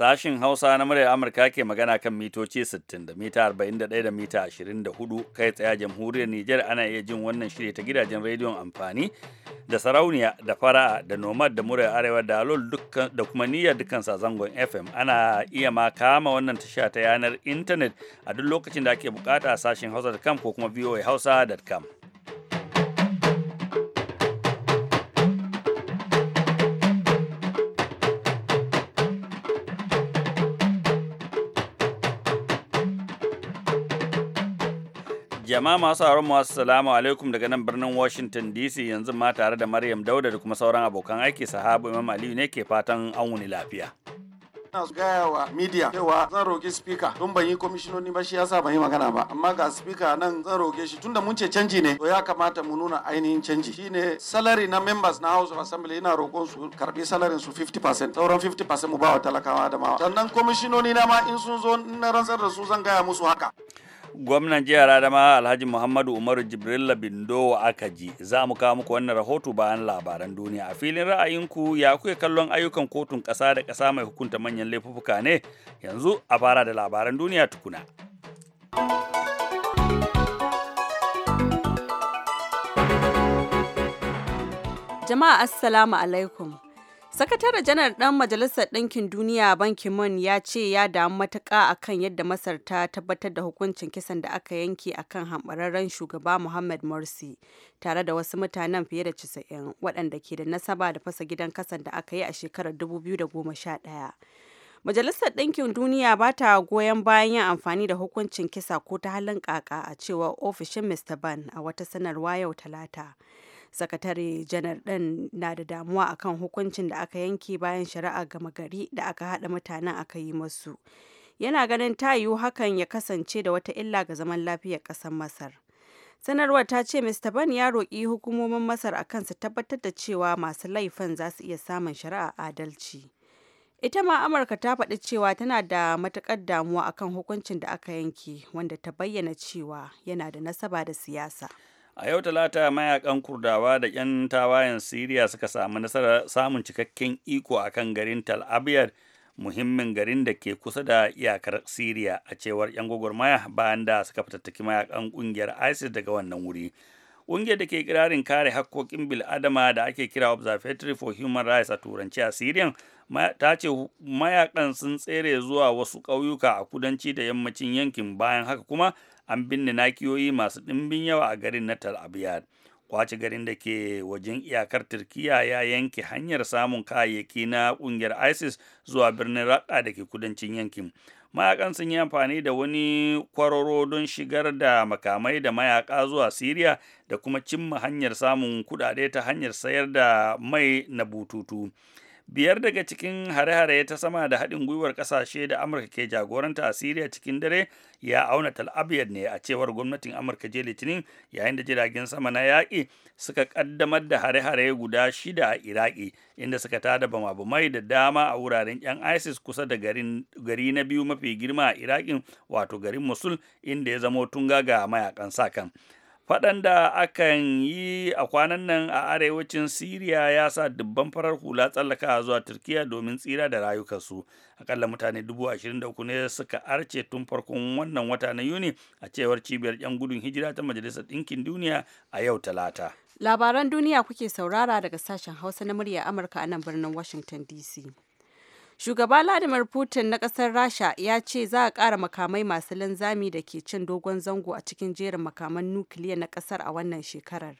Sashin Hausa na muryar Amurka ke magana kan mitoci 60 da mita 41 da mita 24 kai tsaya jamhuriyar Nijar ana iya jin wannan shirya ta gidajen rediyon amfani da sarauniya da fara'a da nomad da murya arewa da alol da kuma niyyar dukkan zangon FM ana iya ma kama wannan tasha ta yanar intanet a duk lokacin da ake bukata sashin hausa.com ko kuma voahausa.com. Jama'a masu haron mu assalamu alaikum daga nan birnin Washington DC yanzu ma tare da Maryam Dauda da kuma sauran abokan aiki sahabu Imam Aliyu ne ke fatan an wuni lafiya. Ina gaya wa media cewa zan roƙi spika don ban yi kwamishinoni ba shi yasa ban yi magana ba amma ga spika nan zan roƙe shi tunda mun ce canji ne to ya kamata mu nuna ainihin canji shine salary na members na House of Assembly ina roƙon su karbi salarin su 50% sauran 50% mu ba wa talakawa da mawa sannan kwamishinoni na ma in sun zo in na rantsar da su zan gaya musu haka. gwamnan jihar adama alhaji muhammadu umaru jibrilla Bindo aka ji za mu kawo muku wannan rahoto bayan labaran duniya a filin ra'ayinku ya kuke kallon ayyukan kotun ƙasa da ƙasa mai hukunta manyan laifuka ne yanzu a fara da labaran duniya tukuna jama'a assalamu alaikum Sakataren janar ɗan Majalisar Ɗinkin Duniya Ban Ki-moon ya ce ya damu matuƙa akan yadda Masar ta tabbatar da hukuncin kisan da aka yanke akan hambararren shugaba muhammad Morsi tare da wasu mutanen fiye da 90 waɗanda ke da nasaba da fasa gidan kasan da aka yi a shekarar 2011. Majalisar Ɗinkin Duniya ba ta goyon bayan yin amfani da hukuncin kisa ko ta halin kaka a cewa ofishin Mr. Ban a wata sanarwa yau Talata. sakatare janar ɗin na da damuwa akan hukuncin da aka yanke bayan shari'a gama gari da aka haɗa mutanen aka yi masu yana ganin ta yiwu hakan ya kasance da wata illa ga zaman lafiyar ƙasar masar sanarwar ta ce mr ban ya roƙi hukumomin masar a su tabbatar da cewa masu laifin za su iya samun shari'a adalci ita ma amurka ta faɗi cewa tana da matuƙar damuwa akan hukuncin da aka yanke wanda ta bayyana cewa yana da nasaba da siyasa a yau talata mayakan kurdawa da 'yan tawayen siriya suka samu nasarar samun cikakken iko a kan garin tal abyad muhimmin garin da ke kusa da iyakar siriya a cewar 'yan gwagwarmaya bayan da suka fitattaki mayakan kungiyar isis daga wannan wuri ƙungiyar da ke kirarin kare hakkokin adama da ake kira observatory for human rights a turanci a siriya ta ce mayakan sun tsere zuwa wasu ƙauyuka a kudanci da yammacin yankin bayan haka kuma an binne nakiyoyi masu ɗimbin yawa a garin na Tal Abyad. Kwace garin da ke wajen iyakar turkiyya ya yanke hanyar samun kayayyaki na ƙungiyar ISIS zuwa birnin Raqqa da ke kudancin yankin. Mayakan sun yi amfani da wani kwararo don shigar da makamai da mayaka zuwa Siriya da kuma cimma hanyar samun kuɗaɗe ta hanyar sayar da mai na bututu. biyar daga cikin hare-hare ta sama da haɗin gwiwar ƙasashe da amurka ke jagoranta a siriya cikin dare ya auna tal'abiyar ne a cewar gwamnatin amurka je litinin yayin da jiragen sama na yaƙi suka ƙaddamar da hare-hare guda shida a iraki inda suka tada bama-bamai da dama a wuraren 'yan isis kusa da gari na biyu mafi girma a irakin wato garin musul inda ya zamo tunga ga mayakan sa kan faɗan da akan yi a kwanan nan a arewacin siriya ya sa dubban farar hula tsallaka zuwa turkiya domin tsira da rayukansu akalla mutane dubu ashirin da ne suka arce tun farkon wannan wata na yuni a cewar cibiyar yan gudun hijira ta majalisar ɗinkin duniya a yau talata labaran duniya kuke saurara daga sashen hausa na murya amurka a nan birnin washington dc Shugaba Vladimir Putin na ƙasar Rasha ya ce za a ƙara makamai masu linzami da ke cin dogon zango a cikin jerin makaman nukiliya na ƙasar a wannan shekarar.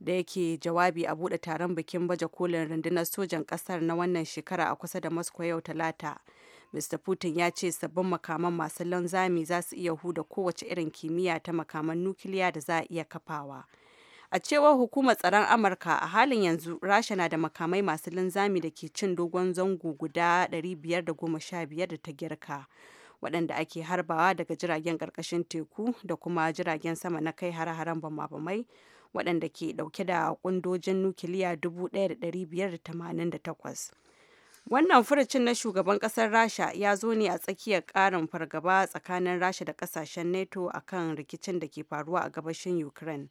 Da yake jawabi a buɗe taron bikin baje kolin rundunar sojan ƙasar na wannan shekara a kusa da Moscow yau Talata. Mr. Putin ya ce sabbin makaman masu linzami za su iya huda kowace irin kimiyya ta makaman nukiliya da za a iya kafawa. A cewar hukumar tsaron Amurka a halin yanzu Rasha na da makamai masu linzami da ke cin dogon zango guda 515 da ta girka. waɗanda ake harbawa daga jiragen ƙarƙashin teku da kuma jiragen sama na kai har haren bamabamai waɗanda ke ɗauke da ƙundojin nukiliya 1,588. Wannan furucin na shugaban ƙasar Rasha ya zo ne a tsakiyar ƙarin fargaba tsakanin Rasha da ƙasashen NATO kan rikicin da ke faruwa a gabashin Ukraine.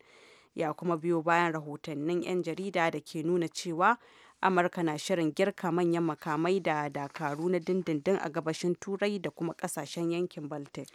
ya kuma biyo bayan rahotannin 'yan jarida da ke nuna cewa amurka na shirin girka manyan makamai da dakaru na dindindin a gabashin turai da kuma kasashen yankin baltic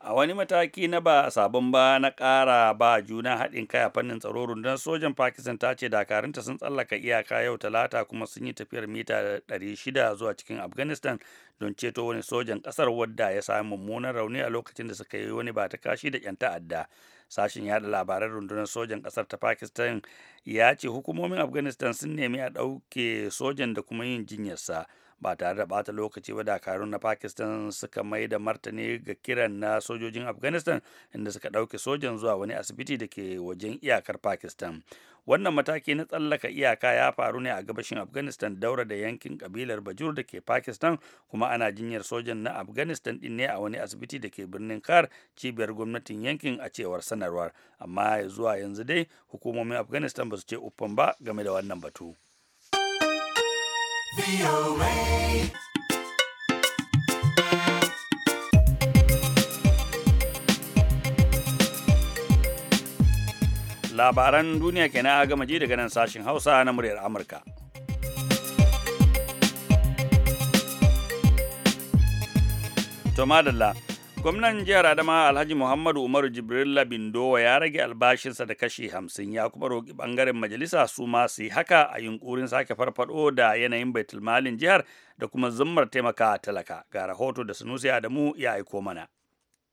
a wani mataki na ba sabon ba na kara ba juna haɗin kai a fannin tsaro rundunar sojan pakistan ta ce dakarunta sun tsallaka iyaka yau talata kuma sun yi tafiyar mita 600 zuwa cikin afghanistan don ceto wani sojan ƙasar wadda ya sami mummunan rauni a lokacin da suka yi wani ba ta kashi da 'yan ta'adda sashen yada labaran rundunar sojan kasar ta pakistan ya ce hukumomin afghanistan sun nemi a ɗauke sojan da kuma yin jinyarsa ba tare da bata lokaci ba dakarun na pakistan suka mai da martani ga kiran na sojojin afghanistan inda suka ɗauke sojan zuwa wani asibiti da ke wajen iyakar pakistan wannan mataki na tsallaka iyaka ya faru ne a gabashin afghanistan daura da yankin kabilar bajur da ke pakistan kuma ana jinyar sojan na afghanistan din ne a wani asibiti da ke birnin kar cibiyar gwamnatin yankin a cewar sanarwar amma zuwa yanzu dai hukumomin afghanistan ba su ce uffan ba game da wannan batu labaran duniya ke na gama ji daga nan sashen hausa na muryar amurka to madalla gwamnan jihar adama alhaji muhammadu umaru jibrilla bindowa ya rage albashinsa da kashi hamsin ya kuma roƙi ɓangaren majalisa su ma su yi haka a yunkurin sake farfado da yanayin baitulmalin jihar da kuma zummar taimaka talaka ga rahoto da sunusi adamu ya aiko mana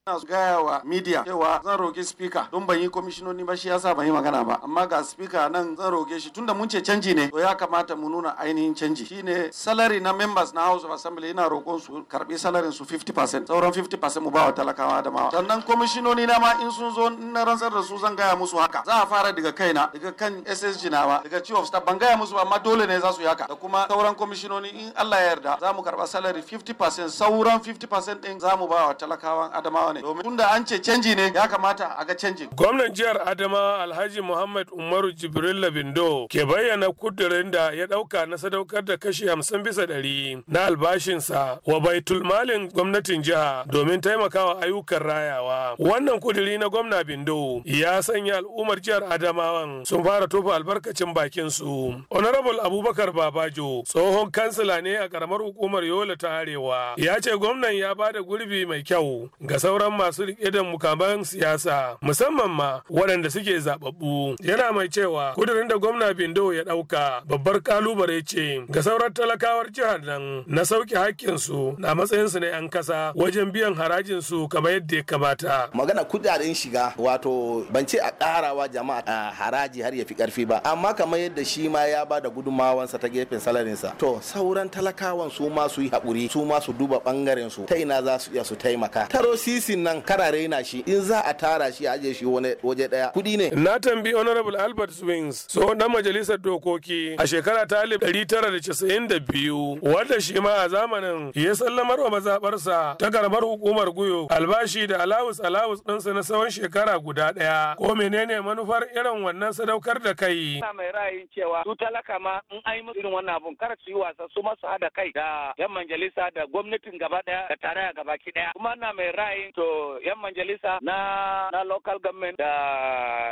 ina gaya wa media cewa zan roki speaker don ban yi komishinoni ba shi yasa ban yi magana ba amma ga speaker nan zan roke shi tunda mun ce canji ne to ya kamata mu nuna ainihin canji shine salary na members na House of Assembly ina roƙon su karbi salary su 50% sauran 50% mu ba wa talakawa da mawa sannan komishinoni na ma in sun zo na rantsar da su zan gaya musu haka za a fara daga kaina daga kan SSG nawa daga chief of staff ban gaya musu ba amma dole ne za su yi haka da kuma sauran komishinoni in Allah ya yarda za mu karba salary 50% sauran 50% din za mu ba wa talakawan Adamawa ne domin tunda an ce canji ne ya kamata a ga canjin. Gwamnan jihar Adamawa Alhaji Muhammad Umaru Jibril Labindo ke bayyana kudirin da ya dauka na sadaukar da kashi hamsin bisa ɗari na albashinsa wa baitul malin gwamnatin jiha domin taimakawa ayyukan rayawa. Wannan kudiri na gwamna Bindo ya sanya al'ummar jihar Adamawan sun fara tofa albarkacin bakin su. Honorable Abubakar Babajo tsohon kansila ne a karamar hukumar Yola ta Arewa ya ce gwamnan ya ba da gurbi mai kyau ga sauran sauran masu riƙe da mukaman siyasa musamman ma waɗanda suke zaɓaɓɓu. Yana mai cewa kudirin da gwamna Bindo ya ɗauka babbar kalubale ce ga sauran talakawar jihar nan na sauke hakkin su. na matsayinsu na 'yan kasa wajen biyan harajin su. kamar yadda ya kamata. Magana kudaden shiga wato ban ce a karawa jama'a haraji har ya fi ƙarfi ba amma kamar yadda shi ma ya ba da gudunmawansa ta gefen salarinsa to sauran talakawan su ma su yi haƙuri su ma su duba ɓangaren su ta ina za su iya su taimaka. Taro sisi simintin nan karare na shi in za a tara shi aje shi waje daya kudi ne na tambi honorable albert swings so na majalisar dokoki a shekara ta alif ɗari tara da casa'in da biyu wanda shi ma a zamanin ya sallamar wa mazabarsa ta karbar hukumar guyo albashi da alawus alawus ɗinsa na tsawon shekara guda ɗaya ko menene manufar irin wannan sadaukar da kai. mai ra'ayin cewa su talaka ma in ai musu irin wannan abun kar su yi wasa su masu kai da yan majalisa da gwamnatin gaba daya. da gaba ki kuma na mai ra'ayin to wato yan majalisa na na local government da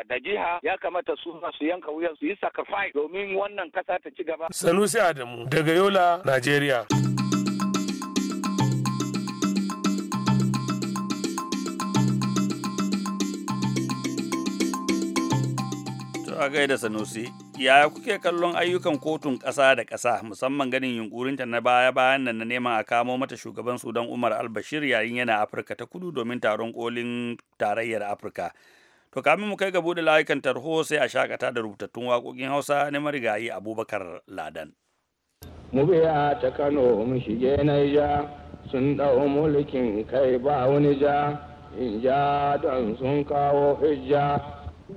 da jiha ya kamata su masu yanka wuyan su yi sacrifice domin wannan kasa ta ci gaba. Sanusi Adamu daga Yola, Najeriya. To a Sanusi, yaya kuke kallon ayyukan kotun ƙasa da ƙasa musamman ganin yunkurinta na baya-bayan nan na neman a kamo mata shugaban Sudan Umar al yayin yana Afirka ta kudu domin taron kolin tarayyar Afirka. To kamin mu kai ga buɗe layukan tarho sai a shakata da rubutattun waƙoƙin Hausa na marigayi Abubakar Ladan. Mu ta Kano mu shige Naija sun ɗau mulkin kai ba wani ja in ja don sun kawo hijja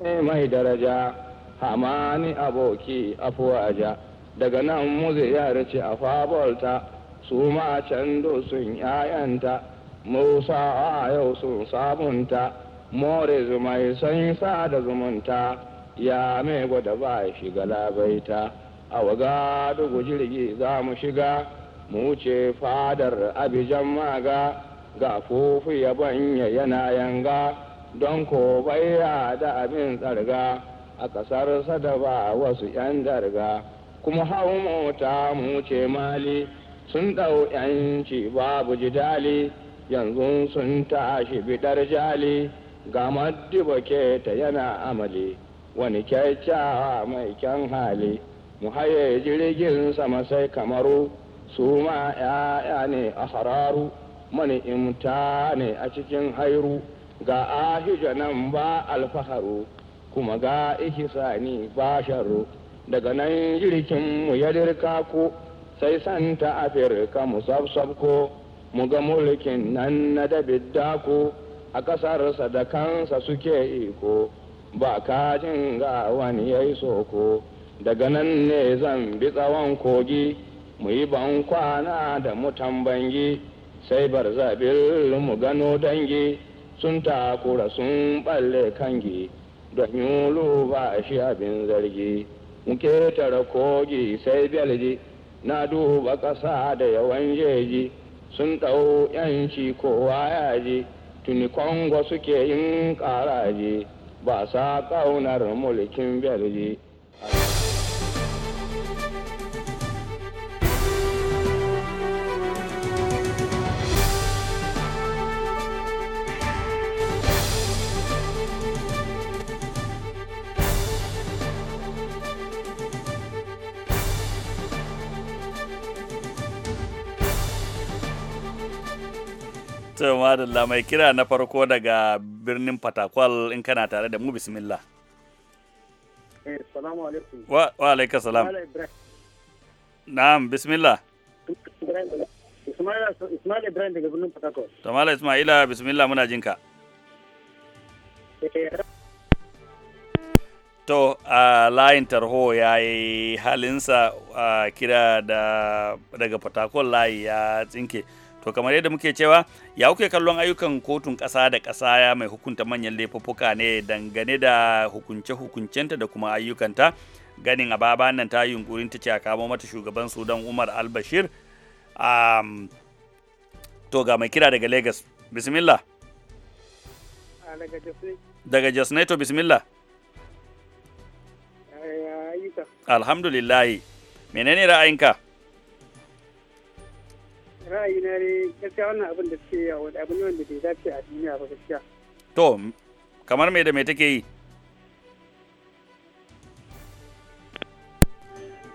ne mai daraja hamani aboki afuwaja daga nan ya yarci a fabolta su ma can sun ‘ya'yanta musa a yau sun sabunta more zumai san sa da zumunta ya mai gwada ba shiga labaita a waga dugu jirgi za mu shiga mu ce fadar abijan maga ga fufu ya banya yana yanga don ko da abin tsarga a ƙasar sadaba wasu 'yan darga kuma hau mota mu ce mali sun ɗau 'yanci babu jidali yanzu sun tashi bidar jali ga maddiba ta yana amali wani kyakkyawa mai kyan hali mu haye jirgin sama sai kamaru su ma 'ya'ya ne a hararu mani imta ne a cikin hairu ga ahija nan ba alfaharu kuma ga ihisani sani basharu. daga nan jirkin mu ya dirka ku sai santa afirka mu sabsabko mu ga mulkin nan na dabidda ku a ƙasarsa da kansa suke iko ba kajin ga wani ya yi soko daga nan ne zan bi tsawon kogi mu yi ban kwana da mutan bangi sai bar mu gano dangi sun takura sun balle kangi don yulu ba shi abin zargi muke tara kogi sai belji na duba ƙasa da yawan jeji sun ɗau yanci kowa ya tuni kongo suke yin ƙaraje ba sa ƙaunar mulkin belji to madalla mai kira na farko daga birnin fatakwal in kana tare da mu bismillah eh, wa alaikum salam na'am bismillah ismaila Ibrahim daga birnin Fatakwal. Tamala Ismaila bismillah muna jinka. Eh, to, a layin tarho ya yi halinsa a kira daga Fatakwal layi ya tsinke. to kamar yadda muke cewa ya kuke kallon ayyukan kotun ƙasa da ƙasa ya mai hukunta manyan laifuffuka ne dangane da hukunce-hukuncenta da kuma ayyukanta ganin a baba nan ta yunkurin ta ce a kamo mata shugaban sudan umar albashir um, to ga mai kira daga lagos bismillah ah, daga jasne to bismillah eh, alhamdulillahi menene ra'ayinka na ne gaskiya wannan abin da suke yawa wani ne wanda bai dace a duniya ba gaskiya. To, kamar me da me take yi?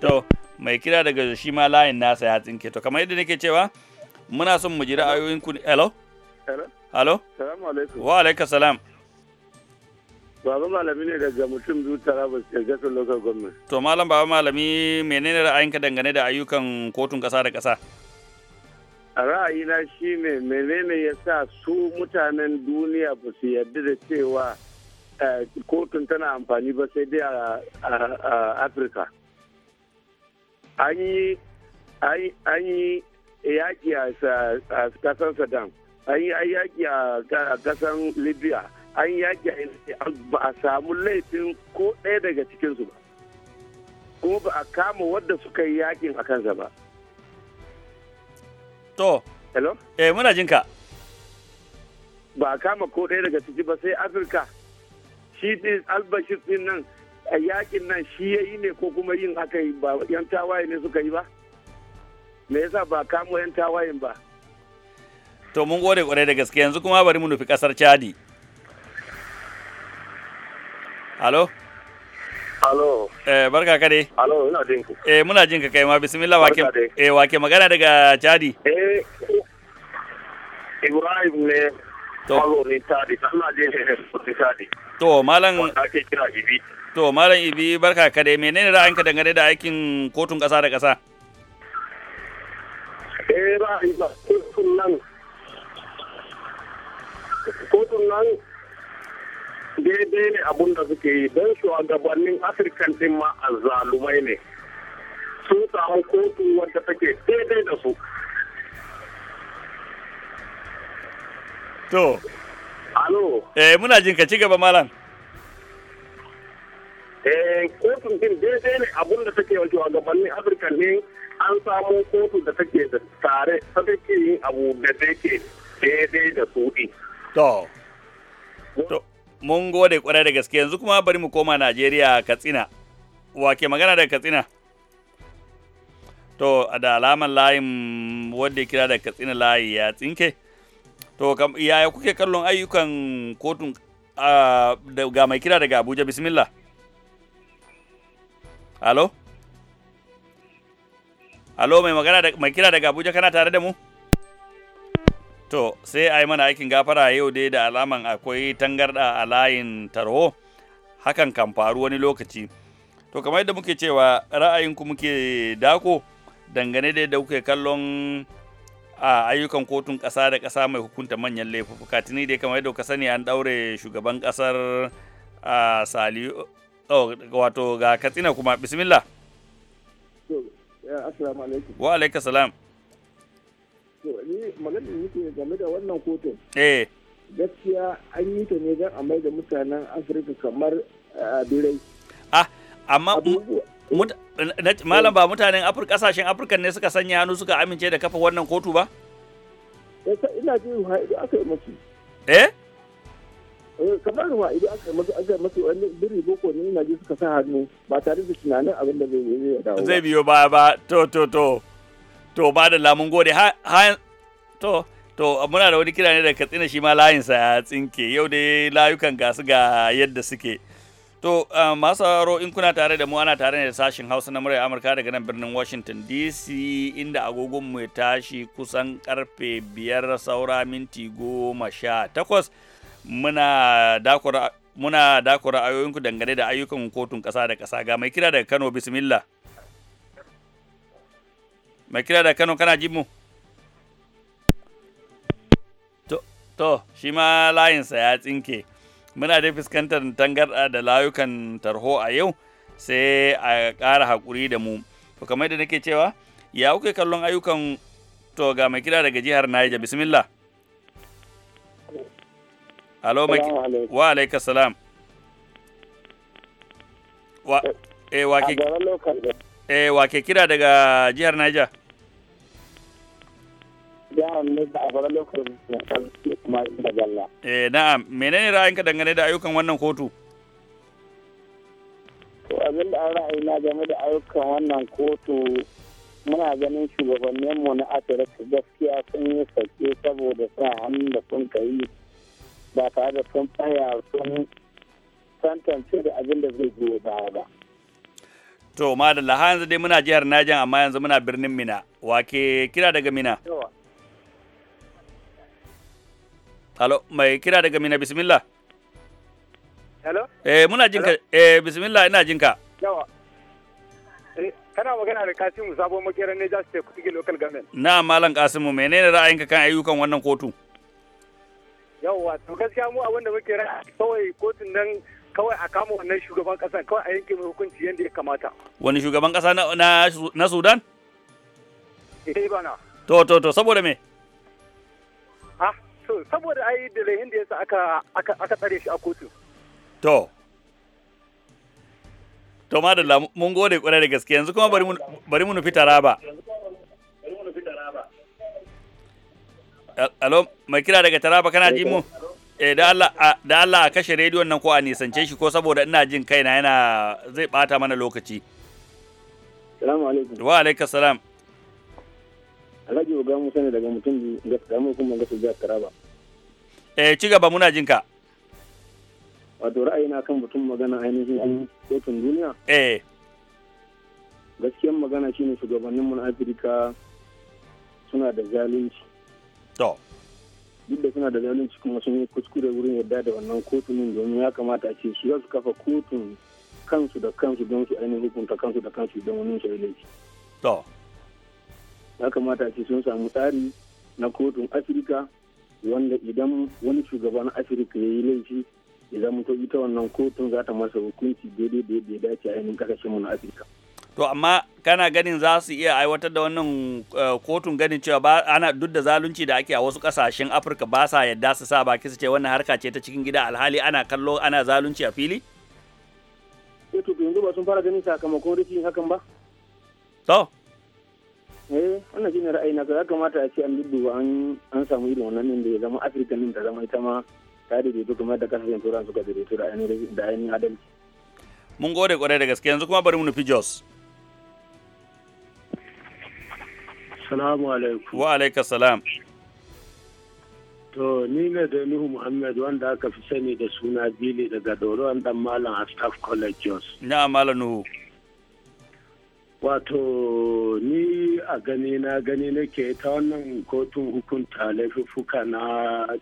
To, mai kira daga shi ma layin nasa ya tsinke. To, kamar yadda nake cewa, muna son mu ji ra'ayoyinku. Hello? Hello? Hello? Salamu alaikum. Wa alaikum salam. Baba malami ne daga mutum biyu tara ba su yarda sun lokacin gwamnati. To, malam baba malami menene ra'ayinka dangane da ayyukan kotun ƙasa da ƙasa? ra'ayina shine menene ya sa su mutanen duniya ba su yarda da cewa eh, kotun tana amfani ba sai dai a afirka an yi yaƙi a ƙasar saddam an yi yaƙi a kasan libya an yaƙi a ba a samu laifin ko ɗaya daga cikinsu ba kuma ba a kama wadda suka yi yaƙin a kansa ba To. Hello? Eh muna jinka. Ba a kama ko ɗaya daga ciki ba sai Afirka. Shi ɗin albashir ɗin nan a yakin nan shi ya yi ne ko kuma yin aka yi ba yan tawaye ne suka yi ba? Me yasa ba kamo yan tawayen ba? To mun gode kwarai da gaske yanzu kuma bari mu nufi kasar Chadi. Halo? Alo. Eh barka ka dai. Alo ina jin ku. Eh muna jin ka kai ma bismillah wake eh wake magana daga Chadi. Eh Ibrahim ne. To Alo ni Chadi ina jin ka Chadi. To malam ake kira Ibi. To malam Ibi barka ka dai menene ra'ayinka dangane da aikin kotun kasa da kasa? Eh ra'ayi ba kotun nan. Kotun nan daidai ne abun da suke yi don shugabannin afirkan din ma a zalumai ne sun samu kotu wadda take daidai da su to alo eh muna jin ka ci gaba malam eh kotun din daidai ne abun da take wato gabanin afirka ne an samu kotu da take da tare ta take yin abu da take daidai da su to to mun gode kwarai da gaske yanzu kuma bari mu koma Najeriya Katsina wake magana da Katsina to da alamar layin wanda ya kira da Katsina layi ya tsinke to yaya kuke kallon ayyukan kotun ga mai kira daga Abuja bismillah Halo? Halo mai magana da mai kira daga Abuja kana tare da mu? To, sai a yi mana aikin gafara yau dai da alaman akwai tangarda a layin tarho, hakan kan faru wani lokaci. To, kamar yadda muke cewa ra'ayinku muke dako dangane da yadda kuke kallon a ayyukan kotun ƙasa da ƙasa mai hukunta manyan laifuka. Tuni dai kamar yadda ka sani an ɗaure shugaban ƙasar a Sali, wato ga Katsina kuma, bismillah. Wa alaikasalam. salam. ni maganar nake game da wannan kotun. Eh. Gaskiya an yi ta ne don a da mutanen Afirka kamar birai. Ah, amma malam ba mutanen Afirka kasashen Afirka ne suka sanya hannu suka amince da kafa wannan kotu ba? Ina jin idan aka yi masu. Eh? eh kamar ruwa idan aka masu aka masu wani biri boko ne ina ji suka sa hannu ba tare da tunanin abin da zai yi dawo zai biyo ba to to to to ba da lamun gode ha to to muna da wani kira ne da katsina shi ma layinsa ya tsinke yau dai layukan gasu ga yadda suke to eh, masu sauraro in kuna tare da mu ana tare ne da sashin hausa na murya amurka daga nan birnin washington dc inda agogon mu ya tashi kusan karfe biyar saura minti goma sha takwas muna dakura muna dakura ku dangane da ayyukan kotun kasa da kasa ga mai kira daga Kano bismillah mai kira daga Kano kana jin mu to shi ma layinsa ya tsinke muna dai fuskantar tangarɗa da layukan tarho a yau sai a ƙara haƙuri da mu to kamar da nake cewa ya kuke kallon ayyukan to ga mai kira daga jihar Niger bismillah Alo mai wa alaika salam wa eh, eh wa ke eh wa ke kira daga jihar Niger jihar ne da abara Eh na'am menene ra'ayinka dangane da ayyukan wannan kotu? To abin da ra'ayi na game da ayyukan wannan kotu muna ganin shugabannin mu na Afirka gaskiya sun yi sake saboda sa hannun da sun kai ba tare da sun tsaya sun tantance da abin da zai biyo baya ba. To, madalla, yanzu dai muna jihar Najan amma yanzu muna birnin Mina. Wake kira daga Mina? Yawa. Halo, mai kira daga Mina bismillah. Alo Eh, muna jinka. Eh, bismillah ina jinka. Yawa. Eh, kana magana da Kasimu sabo Makera ne Jos State Kutige Local Government. Na Malam Kasimu menene ra'ayinka kan ayyukan wannan kotu? yawa to gaskiya mu abin wanda muke ra'ayi kawai kotun nan kawai a kama wannan shugaban kasa kawai a yanke mai hukunci yadda ya kamata. Wani shugaban kasa na na Sudan? Eh bana. To to to saboda me? so saboda ai da laihin da yasa aka aka tsare shi a kotu to to madalla mun gode kwarai da gaske yanzu kuma bari mu bari mu nufi taraba alo mai kira daga taraba kana ji mu eh da Allah da Allah a kashe rediyon nan ko a nisance shi ko saboda ina jin kaina yana zai bata mana lokaci Salamu alaikum. Wa alaikum salam. Alhaji Uga Musa ne daga mutum gaskiya mu kuma gaskiya Taraba. eh ci gaba muna jin ka wato ra'ayina kan mutum magana ainihin kotun duniya eh gaskiyan magana shi ne shugabanninmu na afirka suna da zalunci to duk da suna da zalunci kuma sun yi kuskure wurin yadda da wannan kotunin domin ya kamata a ce su za su kafa kotun kansu da kansu don su ainihin hukunta kansu da kansu don wani shi laifi. To. Ya kamata a ce sun samu tsari na kotun Afirka wanda idan wani shugaban na afirka ya yi laifi idan mutum ita wannan kotun za ta masa hukunci daidai da yadda ya dace a yanin kasashenmu na afirka to amma kana ganin za su iya aiwatar da wannan eh, kotun ganin cewa ba ana duk da zalunci da ake a wasu kasashen afirka ba sa yadda su sa baki su ce wannan harka ce ta cikin gida alhali ana kallo ana zalunci a fili eh, to yanzu ba sun fara ganin sakamakon rikin hakan ba to eh wannan shine ra'ayi na ya kamata a ce an dudduba an samu irin wannan din da ya zama afirka din ta zama ita ma ta daidaito kamar da kasashen turan suka daidaito da ainihin adalci mun gode kwarai da gaske yanzu kuma bari mu nufi jos salamu alaikum wa alaikas salam to ni ne da nuhu muhammad wanda aka fi sani da suna bili daga doron dan malam a staff college jos na malam nuhu wato ni a gani na gani nake ta wannan kotun hukunta laifuffuka na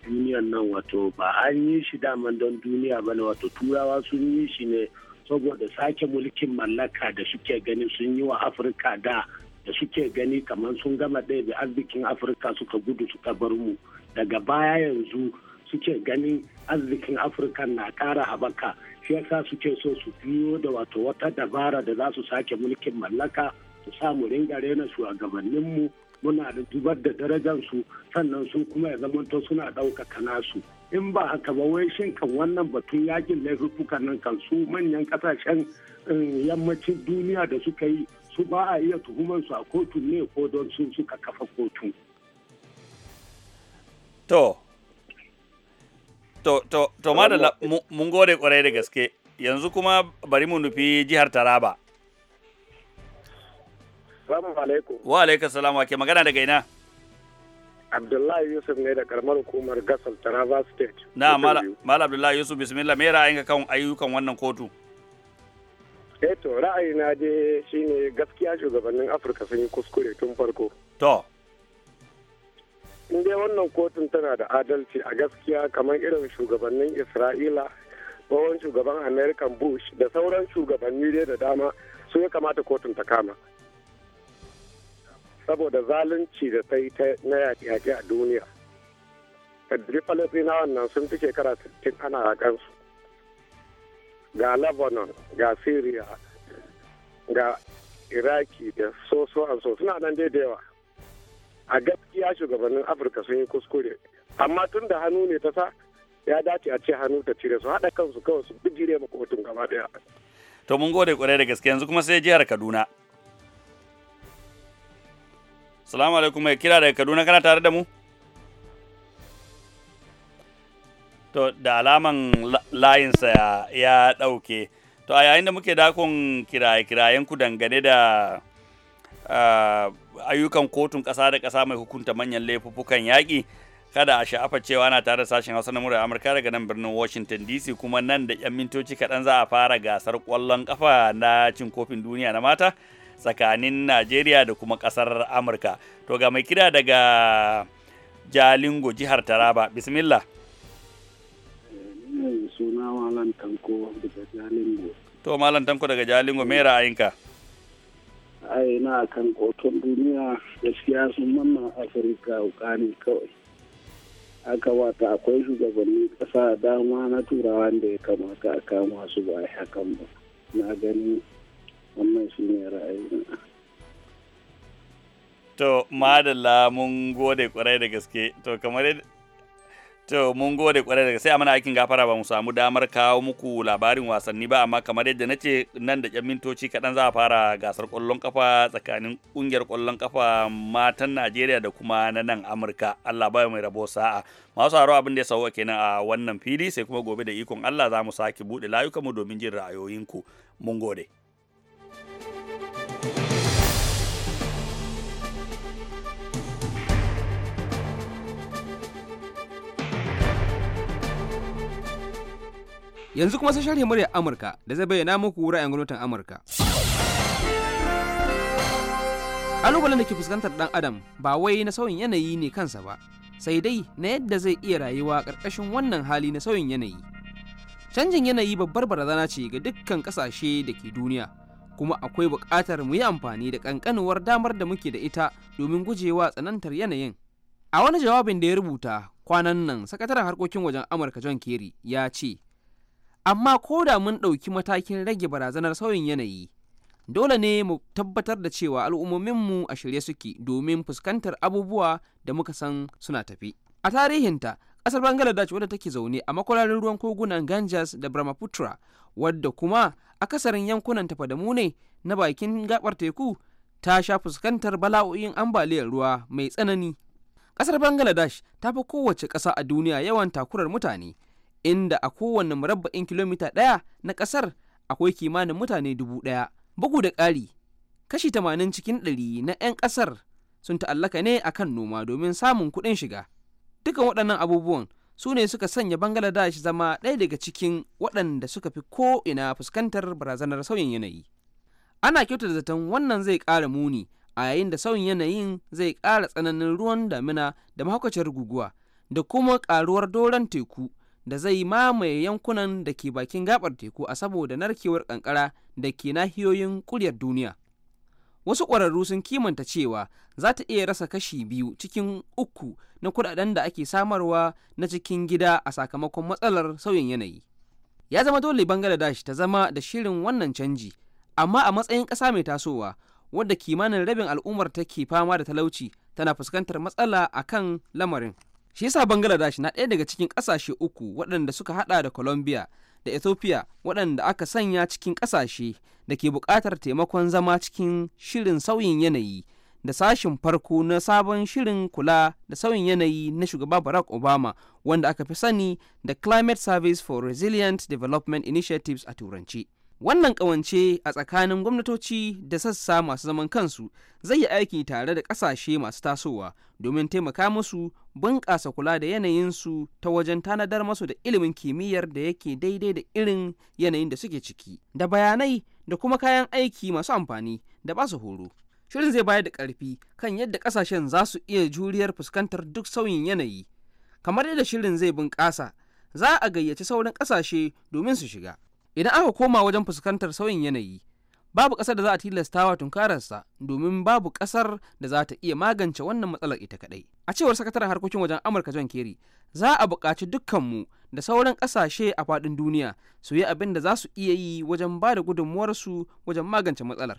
duniyan nan wato ba an yi shi daman don duniya ba ne wato turawa sun yi shi ne saboda sake mulkin mallaka da suke gani sun yi wa afirka da da suke gani kamar sun gama ɗaya da arzikin afirka suka gudu suka bar mu daga baya yanzu suke ganin arzikin afirka na ƙara haɓaka shi yasa suke so su biyo da wato wata dabara da za su sake mulkin mallaka su samu ringa rena shugabanninmu muna da dubar da darajansu sannan su kuma ya zamanto suna ɗaukaka nasu in ba haka ba wai shin kan wannan batun yakin laifukan nan kan su manyan kasashen um, yammacin duniya da suka yi su ba a iya tuhumar su a kotu ne ko don sun suka kafa kotu. To, To, to, to madalla mun gode kwarai da gaske, yanzu kuma bari mu nufi jihar Taraba. Assalamu alaikum. Wa alaikum salam wa ke magana daga ina? Abdullahi Yusuf ne da karamar hukumar Gasar Taraba State. Na, Mala Abdullahi Yusuf, bismillah, me ka kan ayyukan wannan kotu? Eh to, ra'ayina dai shine gaskiya shugabannin Afirka sun yi kuskure tun farko. To. in dai wannan kotun tana da adalci a gaskiya kamar irin shugabannin isra'ila tsohon shugaban american bush da sauran shugabanni dai da dama su ya kamata kotun ta kama saboda zalunci da ta yi na yaƙe-yaƙe a duniya kadiri falasinawan nan sun fi shekara 60 ana haƙansu ga lebanon ga syria ga iraki da soso suna nan dai da yawa a gaskiya shugabannin afirka sun yi kuskure amma tun da hannu ne ta sa ya dace a ce hannu ta cire su haɗa kansu kawai su bijire ma kotun gaba ɗaya to mun gode kwarai da gaske yanzu kuma sai jihar kaduna salamu alaikum mai kira daga kaduna kana tare da mu to da alaman layinsa ya ɗauke to a yayin da muke dakon kiraye-kirayen ku dangane da ah, ayyukan kotun ƙasa da ƙasa mai hukunta manyan laifukan yaƙi kada a sha'afa cewa ana tare da sashen hausa na murar amurka daga nan birnin washington dc kuma nan da yan mintoci kaɗan za a fara gasar ƙwallon ƙafa na cin kofin duniya na mata tsakanin najeriya da kuma ƙasar amurka to ga mai kira daga jalingo jihar taraba bismillah eh, suna malam tanko daga jalingo to malam tanko daga jalingo me ra'ayinka ai na kan koton duniya gaskiya sun manna afirka wukani kawai aka wata akwai shugabanni ƙasa dama na turawa da ya kamata a kama su ba hakan ba na gani wannan shi ne to madalla mun gode kwarai da gaske to kamar To mun gode kwarai daga sai a mana aikin gafara ba mu samu damar kawo muku labarin wasanni ba amma kamar yadda na ce nan da 'yan mintoci kaɗan za a fara gasar ƙwallon kafa tsakanin ƙungiyar ƙwallon kafa matan Najeriya da kuma na nan Amurka. Allah ba mai rabo sa'a. Masu haro abin da ya sauwa kenan a wannan fili sai kuma gobe da ikon Allah za mu sake buɗe layukanmu domin jin ra'ayoyinku. Mun gode. Yanzu kuma sai sharhi muryar Amurka da zai bayyana muku ra'ayin gwamnatin Amurka. Kalubalen da ke fuskantar ɗan Adam ba wai na sauyin yanayi ne kansa ba, sai dai na yadda zai iya rayuwa ƙarƙashin wannan hali na sauyin yanayi. Canjin yanayi babbar barazana ce ga dukkan ƙasashe da ke duniya, kuma akwai buƙatar mu yi amfani da ƙanƙanuwar damar da muke da ita domin gujewa tsanantar yanayin. A wani jawabin da ya rubuta kwanan nan sakataren harkokin wajen Amurka John Kerry ya ce, amma ko da mun ɗauki matakin rage barazanar sauyin yanayi dole ne mu tabbatar da cewa al'ummominmu a shirye suke domin fuskantar abubuwa da muka san suna tafi a tarihinta ƙasar bangaladesh wadda take zaune a makwararin ruwan kogunan ganges da brahmaputra wadda kuma akasarin yankunan tafadamu ne na bakin gabar teku ta sha fuskantar bala'o'in ambaliyar ruwa mai tsanani ƙasar bangaladesh ta fi kowace ƙasa a duniya yawan takurar mutane inda a kowane murabba'in kilomita ɗaya na ƙasar akwai kimanin mutane dubu ɗaya. Bugu da ƙari, kashi tamanin cikin ɗari na 'yan ƙasar sun ta'allaka ne a kan noma domin samun kuɗin shiga. Dukan waɗannan abubuwan su ne suka sanya Bangaladesh zama ɗaya daga cikin waɗanda suka fi ko'ina fuskantar barazanar sauyin yanayi. Ana kyautata zaton wannan zai ƙara muni a yayin da sauyin yanayin zai ƙara tsananin ruwan damina da mahaukacin guguwa da kuma ƙaruwar doron teku da zai mamaye yankunan da ke bakin gabar teku a saboda narkewar kankara da ke nahiyoyin kuryar duniya wasu ƙwararru sun kimanta cewa za ta iya rasa kashi biyu cikin uku na kudaden da ake samarwa na cikin gida a sakamakon matsalar sauyin yanayi ya zama dole bangladesh ta zama da shirin wannan canji amma a matsayin ƙasa mai tasowa wadda kimanin rabin al'ummar take fama da talauci tana fuskantar matsala a kan lamarin shi yasa bangladesh na ɗaya daga cikin ƙasashe uku waɗanda suka hada da colombia da ethiopia waɗanda aka sanya cikin ƙasashe da ke buƙatar taimakon zama cikin shirin sauyin yanayi da sashin farko na sabon shirin kula da sauyin yanayi na shugaba barack obama wanda aka fi sani da climate service for resilient development initiatives a turanci Wannan ƙawance a tsakanin gwamnatoci da sassa masu zaman kansu zai yi aiki tare da ƙasashe masu tasowa domin taimaka musu bunƙasa kula da yanayinsu ta wajen tanadar masu da ilimin kimiyyar da yake daidai da irin yanayin da suke ciki, da bayanai da kuma kayan aiki masu amfani da ba su horo. Shirin zai bayar da ƙarfi kan yadda ƙasashen za su iya juriyar fuskantar duk sauyin yanayi. Kamar yadda shirin zai bunƙasa, za a gayyaci sauran ƙasashe domin su shiga. idan aka koma wajen fuskantar sauyin yanayi babu ƙasar da za a tilasta wa tunkararsa domin babu ƙasar da za ta iya magance wannan matsalar ita kaɗai a cewar sakataren harkokin wajen amurka john kerry za a buƙaci dukkanmu da sauran ƙasashe a faɗin duniya su yi abin da za su iya yi wajen ba da gudunmuwarsu wajen magance matsalar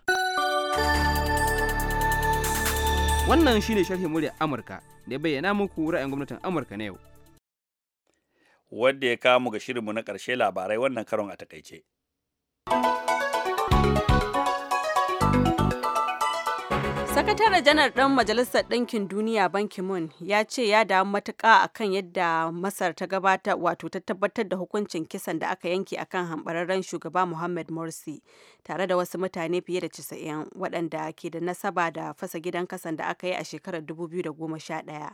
wannan shine sharhin murya amurka da ya bayyana muku ra'ayin gwamnatin amurka na yau wadda ya kamu ga shirinmu na ƙarshe labarai wannan karon a takaice. sakatare janar ɗan majalisar ɗinkin duniya ban moon ya ce ya damu matuƙa akan yadda masar ta gabata wato ta tabbatar da hukuncin kisan da aka yanke akan hambararren shugaba muhammad morsi tare da wasu mutane fiye da 90 waɗanda ke da nasaba da fasa gidan kasan da aka yi a shekarar 2011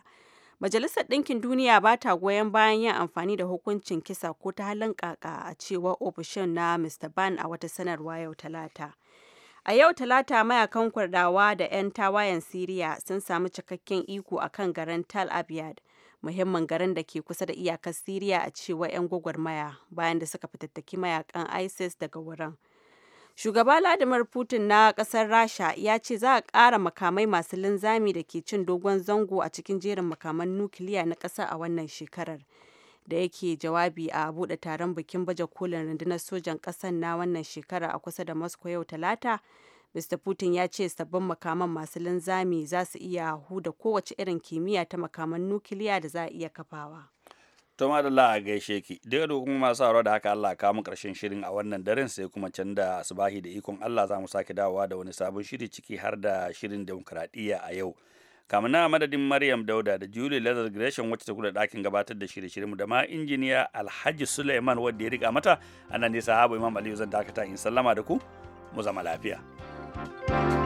Majalisar Ɗinkin Duniya ba ta goyon bayan yin amfani da hukuncin kisa ko ta halin ƙaƙa a cewar ofishin na Mr. Ban a wata sanarwa yau Talata. A yau Talata mayakan kurdawa da 'yan tawayen Siriya sun samu cikakken iko a kan garin Tal Abyad, muhimmin garin da ke kusa da iyakar Siriya a cewar 'yan gwagwarmaya bayan da suka fitattaki mayakan ISIS daga wurin. Shugaba Vladimir Putin na ƙasar Rasha ya ce za a ƙara makamai masu linzami da ke cin dogon zango a cikin jerin makaman nukiliya na ƙasa a wannan shekarar. Da yake jawabi a buɗe taron bikin baje kolin rundunar sojan ƙasar na wannan shekara a kusa da Moscow yau Talata, Mr. Putin ya ce sabbin makaman masu linzami za su iya huda kowace irin kimiyya ta makaman nukiliya da za a iya kafawa. to madalla a gaishe ki da yadda kuma masu sauraro da haka Allah kama mu karshen shirin a wannan daren sai kuma can da subahi da ikon Allah za mu sake dawowa da wani sabon shiri ciki har da shirin demokradiyya a yau kamar na madadin Maryam Dauda da Julie Lazar Gresham wacce ta kula dakin gabatar da shirye-shiryen da ma injiniya Alhaji Suleiman wanda ya riga mata anan ne sahaba Imam Aliyu zan dakata in sallama da ku mu zama lafiya thank you